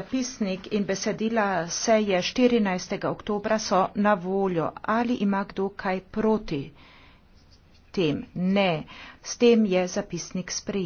Zapisnik in besedila seje 14. oktobra so na voljo. Ali ima kdo kaj proti tem? Ne. S tem je zapisnik sprejet.